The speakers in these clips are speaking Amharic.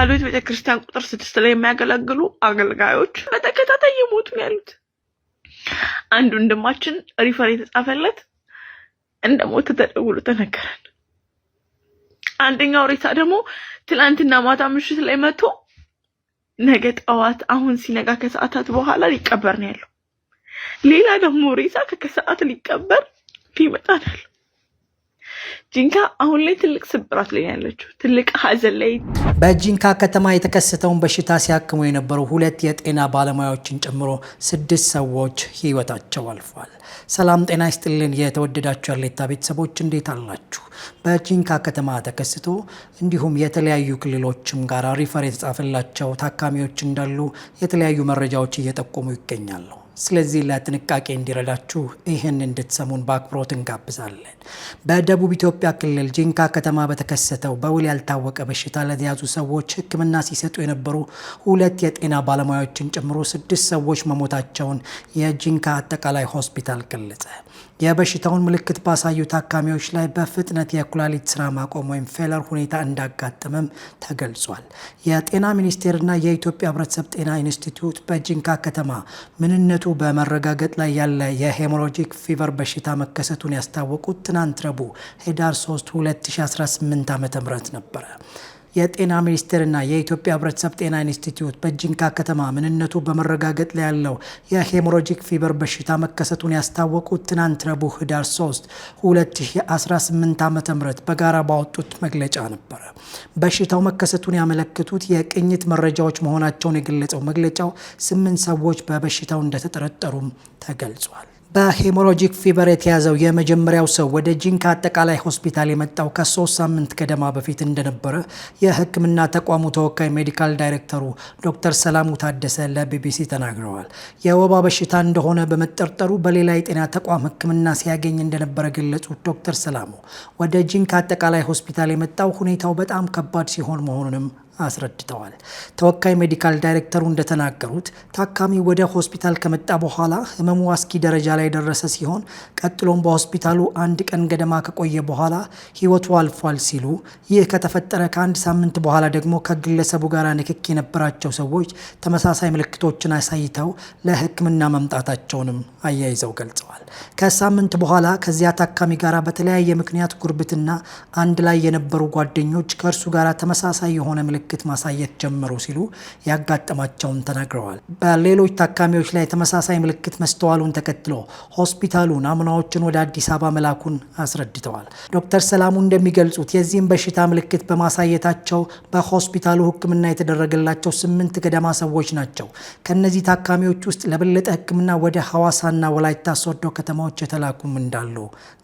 አሉት ቤተ ክርስቲያን ቁጥር ስድስት ላይ የሚያገለግሉ አገልጋዮች በተከታታይ የሞቱ ነው ያሉት። አንድ ወንድማችን ሪፈር የተጻፈለት እንደ ሞት ተደውሎ ተነገረን። አንደኛው ሬሳ ደግሞ ትላንትና ማታ ምሽት ላይ መጥቶ ነገ ጠዋት አሁን ሲነጋ ከሰዓታት በኋላ ሊቀበር ነው ያለው። ሌላ ደግሞ ሬሳ ከከሰዓት ሊቀበር ሊመጣ ነው ያለው። ጂንካ አሁን ላይ ትልቅ ስብራት ላይ ያለችው ትልቅ ሀዘን ላይ። በጂንካ ከተማ የተከሰተውን በሽታ ሲያክሙ የነበሩ ሁለት የጤና ባለሙያዎችን ጨምሮ ስድስት ሰዎች ህይወታቸው አልፏል። ሰላም ጤና ይስጥልን የተወደዳችሁ ያሌታ ቤተሰቦች እንዴት አላችሁ? በጂንካ ከተማ ተከስቶ እንዲሁም የተለያዩ ክልሎችም ጋር ሪፈር የተጻፈላቸው ታካሚዎች እንዳሉ የተለያዩ መረጃዎች እየጠቆሙ ይገኛሉ። ስለዚህ ለጥንቃቄ እንዲረዳችሁ ይህን እንድትሰሙን በአክብሮት እንጋብዛለን። በደቡብ ኢትዮጵያ ክልል ጂንካ ከተማ በተከሰተው በውል ያልታወቀ በሽታ ለተያዙ ሰዎች ሕክምና ሲሰጡ የነበሩ ሁለት የጤና ባለሙያዎችን ጨምሮ ስድስት ሰዎች መሞታቸውን የጂንካ አጠቃላይ ሆስፒታል ገለጸ። የበሽታውን ምልክት ባሳዩ ታካሚዎች ላይ በፍጥነት የኩላሊት ስራ ማቆም ወይም ፌለር ሁኔታ እንዳጋጠመም ተገልጿል። የጤና ሚኒስቴርና የኢትዮጵያ ሕብረተሰብ ጤና ኢንስቲትዩት በጂንካ ከተማ ምንነቱ በመረጋገጥ ላይ ያለ የሄሞሮጂክ ፊቨር በሽታ መከሰቱን ያስታወቁት ትናንት ረቡዕ ህዳር 3 2018 ዓ ም ነበረ። የጤና ሚኒስቴርና የኢትዮጵያ ህብረተሰብ ጤና ኢንስቲትዩት በጂንካ ከተማ ምንነቱ በመረጋገጥ ላይ ያለው የሄሞሮጂክ ፊበር በሽታ መከሰቱን ያስታወቁት ትናንት ረቡዕ ህዳር 3 2018 ዓ ም በጋራ ባወጡት መግለጫ ነበረ። በሽታው መከሰቱን ያመለክቱት የቅኝት መረጃዎች መሆናቸውን የገለጸው መግለጫው ስምንት ሰዎች በበሽታው እንደተጠረጠሩም ተገልጿል። በሄሞሎጂክ ፊቨር የተያዘው የመጀመሪያው ሰው ወደ ጂንካ አጠቃላይ ሆስፒታል የመጣው ከሶስት ሳምንት ገደማ በፊት እንደነበረ የሕክምና ተቋሙ ተወካይ ሜዲካል ዳይሬክተሩ ዶክተር ሰላሙ ታደሰ ለቢቢሲ ተናግረዋል። የወባ በሽታ እንደሆነ በመጠርጠሩ በሌላ የጤና ተቋም ሕክምና ሲያገኝ እንደነበረ ገለጹት። ዶክተር ሰላሙ ወደ ጂንካ አጠቃላይ ሆስፒታል የመጣው ሁኔታው በጣም ከባድ ሲሆን መሆኑንም አስረድተዋል። ተወካይ ሜዲካል ዳይሬክተሩ እንደተናገሩት ታካሚ ወደ ሆስፒታል ከመጣ በኋላ ህመሙ አስኪ ደረጃ ላይ የደረሰ ሲሆን ቀጥሎም በሆስፒታሉ አንድ ቀን ገደማ ከቆየ በኋላ ህይወቱ አልፏል ሲሉ ይህ ከተፈጠረ ከአንድ ሳምንት በኋላ ደግሞ ከግለሰቡ ጋር ንክክ የነበራቸው ሰዎች ተመሳሳይ ምልክቶችን አሳይተው ለህክምና መምጣታቸውንም አያይዘው ገልጸዋል። ከሳምንት በኋላ ከዚያ ታካሚ ጋር በተለያየ ምክንያት ጉርብትና አንድ ላይ የነበሩ ጓደኞች ከእርሱ ጋር ተመሳሳይ የሆነ ምልክት ምልክት ማሳየት ጀመሩ ሲሉ ያጋጠማቸውን ተናግረዋል። በሌሎች ታካሚዎች ላይ ተመሳሳይ ምልክት መስተዋሉን ተከትሎ ሆስፒታሉ ናሙናዎችን ወደ አዲስ አበባ መላኩን አስረድተዋል። ዶክተር ሰላሙ እንደሚገልጹት የዚህም በሽታ ምልክት በማሳየታቸው በሆስፒታሉ ሕክምና የተደረገላቸው ስምንት ገደማ ሰዎች ናቸው። ከነዚህ ታካሚዎች ውስጥ ለበለጠ ሕክምና ወደ ሐዋሳና ወላይታ ሶዶ ከተማዎች የተላኩም እንዳሉ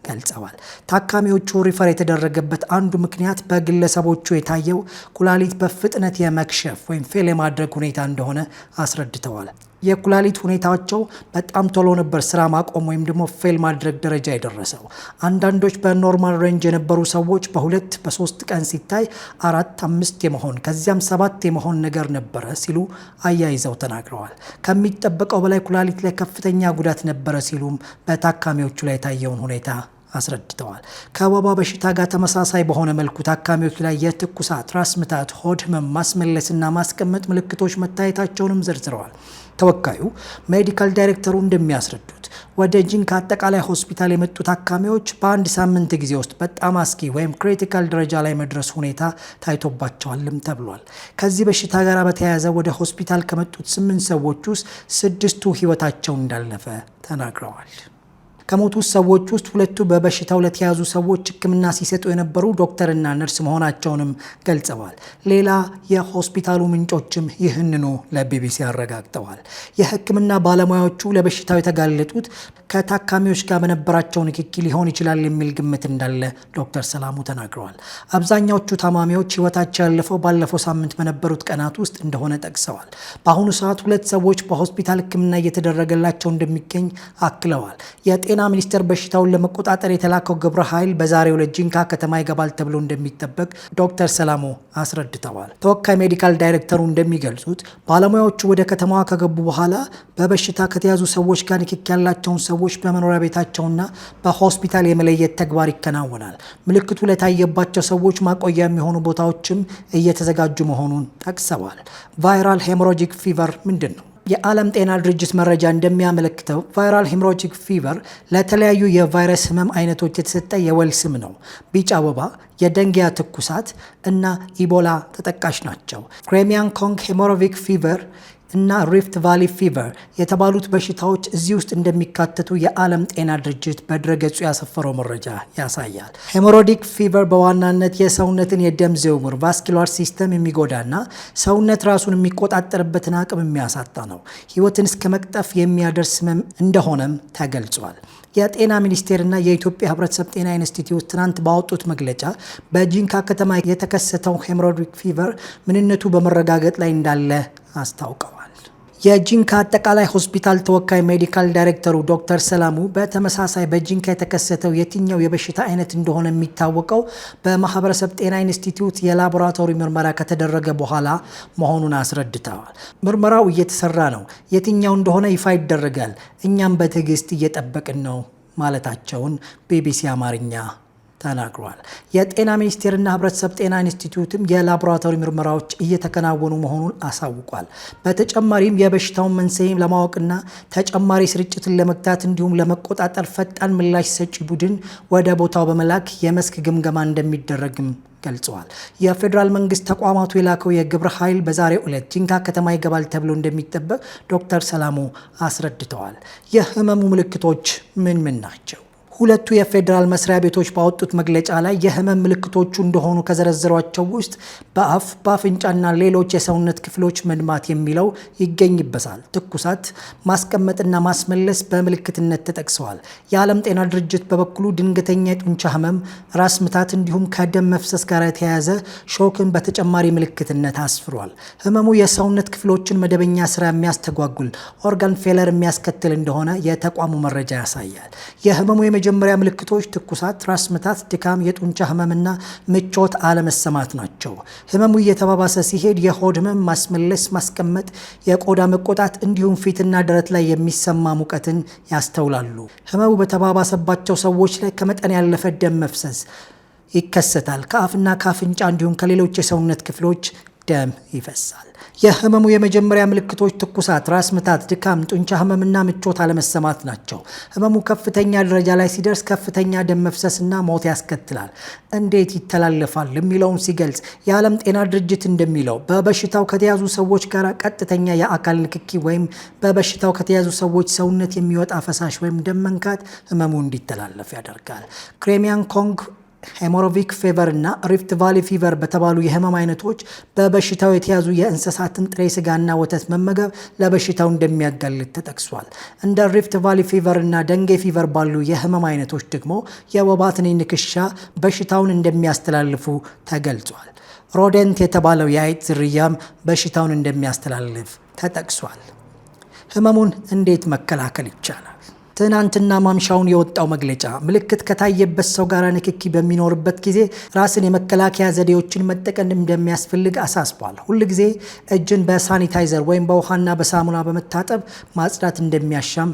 ገልጸዋል። ታካሚዎቹ ሪፈር የተደረገበት አንዱ ምክንያት በግለሰቦቹ የታየው ኩላሊት በ በፍጥነት የመክሸፍ ወይም ፌል የማድረግ ሁኔታ እንደሆነ አስረድተዋል። የኩላሊት ሁኔታቸው በጣም ቶሎ ነበር ስራ ማቆም ወይም ደግሞ ፌል ማድረግ ደረጃ የደረሰው። አንዳንዶች በኖርማል ሬንጅ የነበሩ ሰዎች በሁለት በሶስት ቀን ሲታይ አራት አምስት የመሆን ከዚያም ሰባት የመሆን ነገር ነበረ ሲሉ አያይዘው ተናግረዋል። ከሚጠበቀው በላይ ኩላሊት ላይ ከፍተኛ ጉዳት ነበረ ሲሉም በታካሚዎቹ ላይ የታየውን ሁኔታ አስረድተዋል። ከወባ በሽታ ጋር ተመሳሳይ በሆነ መልኩ ታካሚዎች ላይ የትኩሳት፣ ራስ ምታት፣ ሆድ ህመም፣ ማስመለስና ማስቀመጥ ምልክቶች መታየታቸውንም ዘርዝረዋል። ተወካዩ ሜዲካል ዳይሬክተሩ እንደሚያስረዱት ወደ ጂንካ አጠቃላይ ሆስፒታል የመጡ ታካሚዎች በአንድ ሳምንት ጊዜ ውስጥ በጣም አስጊ ወይም ክሪቲካል ደረጃ ላይ መድረስ ሁኔታ ታይቶባቸዋልም ተብሏል። ከዚህ በሽታ ጋር በተያያዘ ወደ ሆስፒታል ከመጡት ስምንት ሰዎች ውስጥ ስድስቱ ህይወታቸው እንዳለፈ ተናግረዋል። ከሞቱት ሰዎች ውስጥ ሁለቱ በበሽታው ለተያዙ ሰዎች ሕክምና ሲሰጡ የነበሩ ዶክተርና ነርስ መሆናቸውንም ገልጸዋል። ሌላ የሆስፒታሉ ምንጮችም ይህንኑ ለቢቢሲ አረጋግጠዋል። የሕክምና ባለሙያዎቹ ለበሽታው የተጋለጡት ከታካሚዎች ጋር በነበራቸው ንክኪ ሊሆን ይችላል የሚል ግምት እንዳለ ዶክተር ሰላሙ ተናግረዋል። አብዛኛዎቹ ታማሚዎች ህይወታቸው ያለፈው ባለፈው ሳምንት በነበሩት ቀናት ውስጥ እንደሆነ ጠቅሰዋል። በአሁኑ ሰዓት ሁለት ሰዎች በሆስፒታል ህክምና እየተደረገላቸው እንደሚገኝ አክለዋል። የጤና ሚኒስቴር በሽታውን ለመቆጣጠር የተላከው ግብረ ኃይል በዛሬው ዕለት ጂንካ ከተማ ይገባል ተብሎ እንደሚጠበቅ ዶክተር ሰላሙ አስረድተዋል። ተወካይ ሜዲካል ዳይሬክተሩ እንደሚገልጹት ባለሙያዎቹ ወደ ከተማዋ ከገቡ በኋላ በበሽታ ከተያዙ ሰዎች ጋር ንክኪ ያላቸውን ሰዎች በመኖሪያ ቤታቸውና በሆስፒታል የመለየት ተግባር ይከናወናል። ምልክቱ ለታየባቸው ሰዎች ማቆያ የሚሆኑ ቦታዎችም እየተዘጋጁ መሆኑን ጠቅሰዋል። ቫይራል ሄሞሮጂክ ፊቨር ምንድን ነው? የዓለም ጤና ድርጅት መረጃ እንደሚያመለክተው ቫይራል ሄሞሮጂክ ፊቨር ለተለያዩ የቫይረስ ህመም አይነቶች የተሰጠ የወል ስም ነው። ቢጫ ወባ፣ የደንጊያ ትኩሳት እና ኢቦላ ተጠቃሽ ናቸው። ክሬሚያን ኮንግ ሄሞሮቪክ ፊቨር እና ሪፍት ቫሊ ፊቨር የተባሉት በሽታዎች እዚህ ውስጥ እንደሚካተቱ የዓለም ጤና ድርጅት በድረገጹ ያሰፈረው መረጃ ያሳያል። ሄሞሮዲክ ፊቨር በዋናነት የሰውነትን የደም ዝውውር ቫስኪላር ሲስተም የሚጎዳና ሰውነት ራሱን የሚቆጣጠርበትን አቅም የሚያሳጣ ነው። ህይወትን እስከ መቅጠፍ የሚያደርስ ህመም እንደሆነም ተገልጿል። የጤና ሚኒስቴርና የኢትዮጵያ ህብረተሰብ ጤና ኢንስቲትዩት ትናንት ባወጡት መግለጫ በጂንካ ከተማ የተከሰተው ሄሞራጂክ ፊቨር ምንነቱ በመረጋገጥ ላይ እንዳለ አስታውቀዋል። የጂንካ አጠቃላይ ሆስፒታል ተወካይ ሜዲካል ዳይሬክተሩ ዶክተር ሰላሙ በተመሳሳይ በጂንካ የተከሰተው የትኛው የበሽታ አይነት እንደሆነ የሚታወቀው በማህበረሰብ ጤና ኢንስቲትዩት የላቦራቶሪ ምርመራ ከተደረገ በኋላ መሆኑን አስረድተዋል። ምርመራው እየተሰራ ነው፣ የትኛው እንደሆነ ይፋ ይደረጋል፣ እኛም በትዕግስት እየጠበቅን ነው ማለታቸውን ቢቢሲ አማርኛ ተናግሯል። የጤና ሚኒስቴርና ህብረተሰብ ጤና ኢንስቲትዩትም የላቦራቶሪ ምርመራዎች እየተከናወኑ መሆኑን አሳውቋል። በተጨማሪም የበሽታውን መንስኤም ለማወቅና ተጨማሪ ስርጭትን ለመግታት እንዲሁም ለመቆጣጠር ፈጣን ምላሽ ሰጪ ቡድን ወደ ቦታው በመላክ የመስክ ግምገማ እንደሚደረግም ገልጸዋል። የፌዴራል መንግስት ተቋማቱ የላከው የግብረ ኃይል በዛሬው ዕለት ጂንካ ከተማ ይገባል ተብሎ እንደሚጠበቅ ዶክተር ሰላሙ አስረድተዋል። የህመሙ ምልክቶች ምን ምን ናቸው? ሁለቱ የፌዴራል መስሪያ ቤቶች ባወጡት መግለጫ ላይ የህመም ምልክቶቹ እንደሆኑ ከዘረዘሯቸው ውስጥ በአፍ በአፍንጫና ሌሎች የሰውነት ክፍሎች መድማት የሚለው ይገኝበታል። ትኩሳት፣ ማስቀመጥና ማስመለስ በምልክትነት ተጠቅሰዋል። የዓለም ጤና ድርጅት በበኩሉ ድንገተኛ የጡንቻ ህመም፣ ራስ ምታት እንዲሁም ከደም መፍሰስ ጋር የተያያዘ ሾክን በተጨማሪ ምልክትነት አስፍሯል። ህመሙ የሰውነት ክፍሎችን መደበኛ ስራ የሚያስተጓጉል ኦርጋን ፌለር የሚያስከትል እንደሆነ የተቋሙ መረጃ ያሳያል። የህመሙ የመጀመሪያ ምልክቶች ትኩሳት፣ ራስ ምታት፣ ድካም፣ የጡንቻ ህመምና ምቾት አለመሰማት ናቸው። ህመሙ እየተባባሰ ሲሄድ የሆድ ህመም፣ ማስመለስ፣ ማስቀመጥ፣ የቆዳ መቆጣት እንዲሁም ፊትና ደረት ላይ የሚሰማ ሙቀትን ያስተውላሉ። ህመሙ በተባባሰባቸው ሰዎች ላይ ከመጠን ያለፈ ደም መፍሰስ ይከሰታል። ከአፍና ከአፍንጫ እንዲሁም ከሌሎች የሰውነት ክፍሎች ደም ይፈሳል። የህመሙ የመጀመሪያ ምልክቶች ትኩሳት፣ ራስ ምታት፣ ድካም፣ ጡንቻ ህመምና ምቾት አለመሰማት ናቸው። ህመሙ ከፍተኛ ደረጃ ላይ ሲደርስ ከፍተኛ ደም መፍሰስና ሞት ያስከትላል። እንዴት ይተላለፋል የሚለውን ሲገልጽ የዓለም ጤና ድርጅት እንደሚለው በበሽታው ከተያዙ ሰዎች ጋር ቀጥተኛ የአካል ንክኪ ወይም በበሽታው ከተያዙ ሰዎች ሰውነት የሚወጣ ፈሳሽ ወይም ደም መንካት ህመሙ እንዲተላለፍ ያደርጋል። ክሬሚያን ኮንግ ሄሞሮቪክ ፌቨር እና ሪፍት ቫሊ ፊቨር በተባሉ የህመም አይነቶች በበሽታው የተያዙ የእንስሳትን ጥሬ ስጋና ወተት መመገብ ለበሽታው እንደሚያጋልጥ ተጠቅሷል። እንደ ሪፍት ቫሊ ፊቨር እና ደንጌ ፊቨር ባሉ የህመም አይነቶች ደግሞ የወባ ትንኝ ንክሻ በሽታውን እንደሚያስተላልፉ ተገልጿል። ሮደንት የተባለው የአይጥ ዝርያም በሽታውን እንደሚያስተላልፍ ተጠቅሷል። ህመሙን እንዴት መከላከል ይቻላል? ትናንትና ማምሻውን የወጣው መግለጫ ምልክት ከታየበት ሰው ጋር ንክኪ በሚኖርበት ጊዜ ራስን የመከላከያ ዘዴዎችን መጠቀም እንደሚያስፈልግ አሳስቧል። ሁል ጊዜ እጅን በሳኒታይዘር ወይም በውሃና በሳሙና በመታጠብ ማጽዳት እንደሚያሻም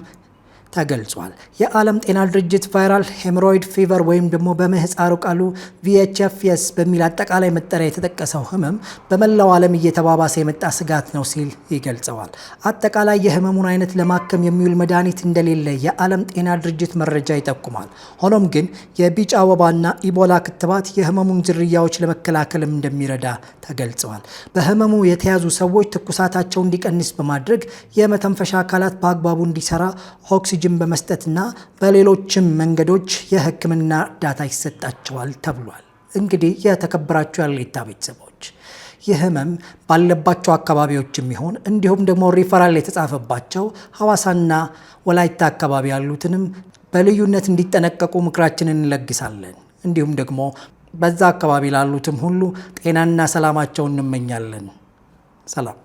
ተገልጿል። የዓለም ጤና ድርጅት ቫይራል ሄምሮይድ ፊቨር ወይም ደግሞ በምህፃሩ ቃሉ ቪኤችኤፍኤስ በሚል አጠቃላይ መጠሪያ የተጠቀሰው ህመም በመላው ዓለም እየተባባሰ የመጣ ስጋት ነው ሲል ይገልጸዋል። አጠቃላይ የህመሙን አይነት ለማከም የሚውል መድኃኒት እንደሌለ የዓለም ጤና ድርጅት መረጃ ይጠቁማል። ሆኖም ግን የቢጫ ወባና ኢቦላ ክትባት የህመሙን ዝርያዎች ለመከላከልም እንደሚረዳ ተገልጸዋል። በህመሙ የተያዙ ሰዎች ትኩሳታቸው እንዲቀንስ በማድረግ የመተንፈሻ አካላት በአግባቡ እንዲሰራ ኦክሲ ኦክሲጅን በመስጠትና በሌሎችም መንገዶች የሕክምና እርዳታ ይሰጣቸዋል ተብሏል። እንግዲህ የተከበራችሁ የሀሌታ ቤተሰቦች ይህ ህመም ባለባቸው አካባቢዎች የሚሆን እንዲሁም ደግሞ ሪፈራል የተጻፈባቸው ሐዋሳና ወላይታ አካባቢ ያሉትንም በልዩነት እንዲጠነቀቁ ምክራችንን እንለግሳለን። እንዲሁም ደግሞ በዛ አካባቢ ላሉትም ሁሉ ጤናና ሰላማቸውን እንመኛለን። ሰላም